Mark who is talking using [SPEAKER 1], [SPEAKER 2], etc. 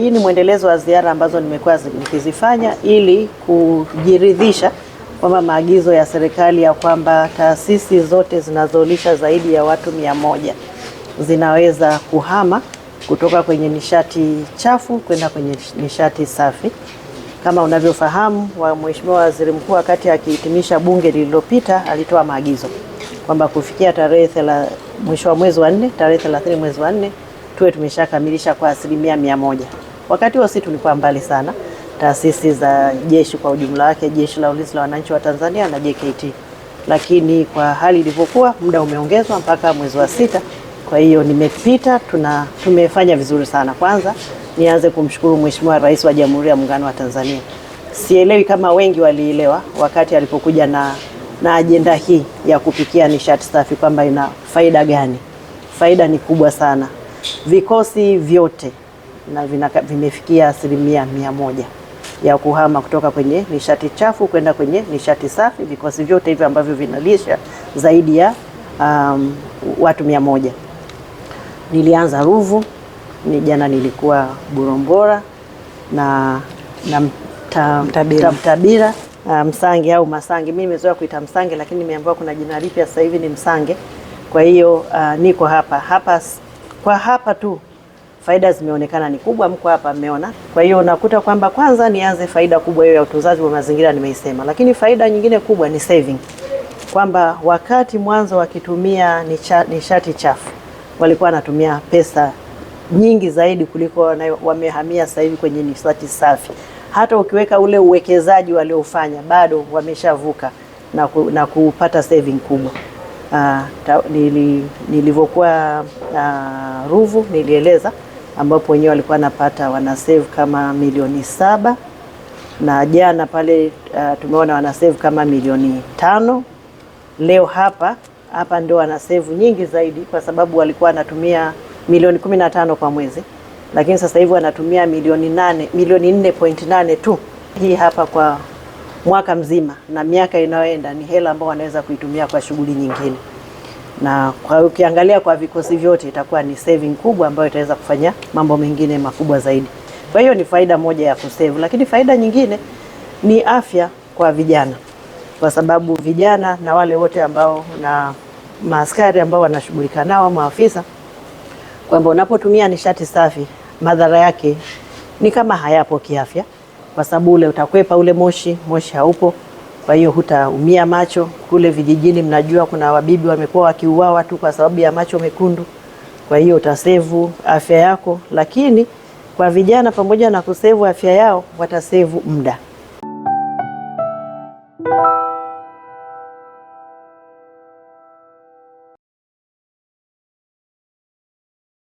[SPEAKER 1] hii ni mwendelezo wa ziara ambazo nimekuwa nikizifanya ili kujiridhisha kwamba maagizo ya serikali ya kwamba taasisi zote zinazolisha zaidi ya watu mia moja zinaweza kuhama kutoka kwenye nishati chafu kwenda kwenye nishati safi. Kama unavyofahamu wa Mheshimiwa Waziri Mkuu wakati akihitimisha bunge lililopita alitoa maagizo kwamba kufikia tarehe mwisho wa mwezi wa nne, tarehe 30 mwezi wa nne tuwe tumeshakamilisha kwa asilimia mia moja. Wakati huo si tulikuwa mbali sana, taasisi za jeshi kwa ujumla wake, Jeshi la Ulinzi la Wananchi wa Tanzania na JKT, lakini kwa hali ilivyokuwa, muda umeongezwa mpaka mwezi wa sita. Kwa hiyo nimepita, tuna tumefanya vizuri sana. Kwanza nianze kumshukuru Mheshimiwa Rais wa Jamhuri ya Muungano wa Tanzania. Sielewi kama wengi walielewa wakati alipokuja na, na ajenda hii ya kupikia nishati safi kwamba ina faida gani. Faida ni kubwa sana. Vikosi vyote na vimefikia asilimia mia moja ya kuhama kutoka kwenye nishati chafu kwenda kwenye nishati safi, vikosi vyote hivyo ambavyo vinalisha zaidi ya um, watu mia moja. Nilianza Ruvu ni jana, nilikuwa Burombora na, na mta, Mtabira, Mtabira uh, Msange au Masange. mi nimezoea kuita Msange, lakini nimeambiwa kuna jina lipya sasa hivi ni Msange. Kwa hiyo uh, niko hapa hapa kwa hapa tu faida zimeonekana ni kubwa, mko hapa mmeona. Kwa hiyo nakuta kwamba kwanza nianze faida kubwa hiyo ya utunzaji wa mazingira nimeisema, lakini faida nyingine kubwa ni saving, kwamba wakati mwanzo wakitumia nishati chafu walikuwa wanatumia pesa nyingi zaidi kuliko wamehamia sasa hivi kwenye nishati safi. Hata ukiweka ule uwekezaji waliofanya bado wameshavuka na, ku, na kupata saving kubwa. Uh, nili, nilivyokuwa uh, Ruvu nilieleza ambapo wenyewe walikuwa wanapata wanasave kama milioni saba na jana pale uh, tumeona wanasave kama milioni tano. Leo hapa hapa ndio wanasave nyingi zaidi, kwa sababu walikuwa wanatumia milioni kumi na tano kwa mwezi, lakini sasa hivi wanatumia milioni nane, milioni nne point nane tu. Hii hapa kwa mwaka mzima na miaka inayoenda ni hela ambayo wanaweza kuitumia kwa shughuli nyingine na kwa ukiangalia kwa vikosi vyote itakuwa ni saving kubwa ambayo itaweza kufanya mambo mengine makubwa zaidi. Kwa hiyo ni faida moja ya kusave, lakini faida nyingine ni afya kwa vijana, kwa sababu vijana na wale wote ambao na maaskari ambao wanashughulika nao maafisa, kwamba unapotumia nishati safi madhara yake ni kama hayapo kiafya, kwa sababu ule utakwepa ule moshi, moshi haupo kwa hiyo hutaumia macho. Kule vijijini, mnajua kuna wabibi wamekuwa wakiuawa tu kwa sababu ya macho mekundu. Kwa hiyo utasevu afya yako, lakini kwa vijana, pamoja na kusevu afya yao, watasevu muda.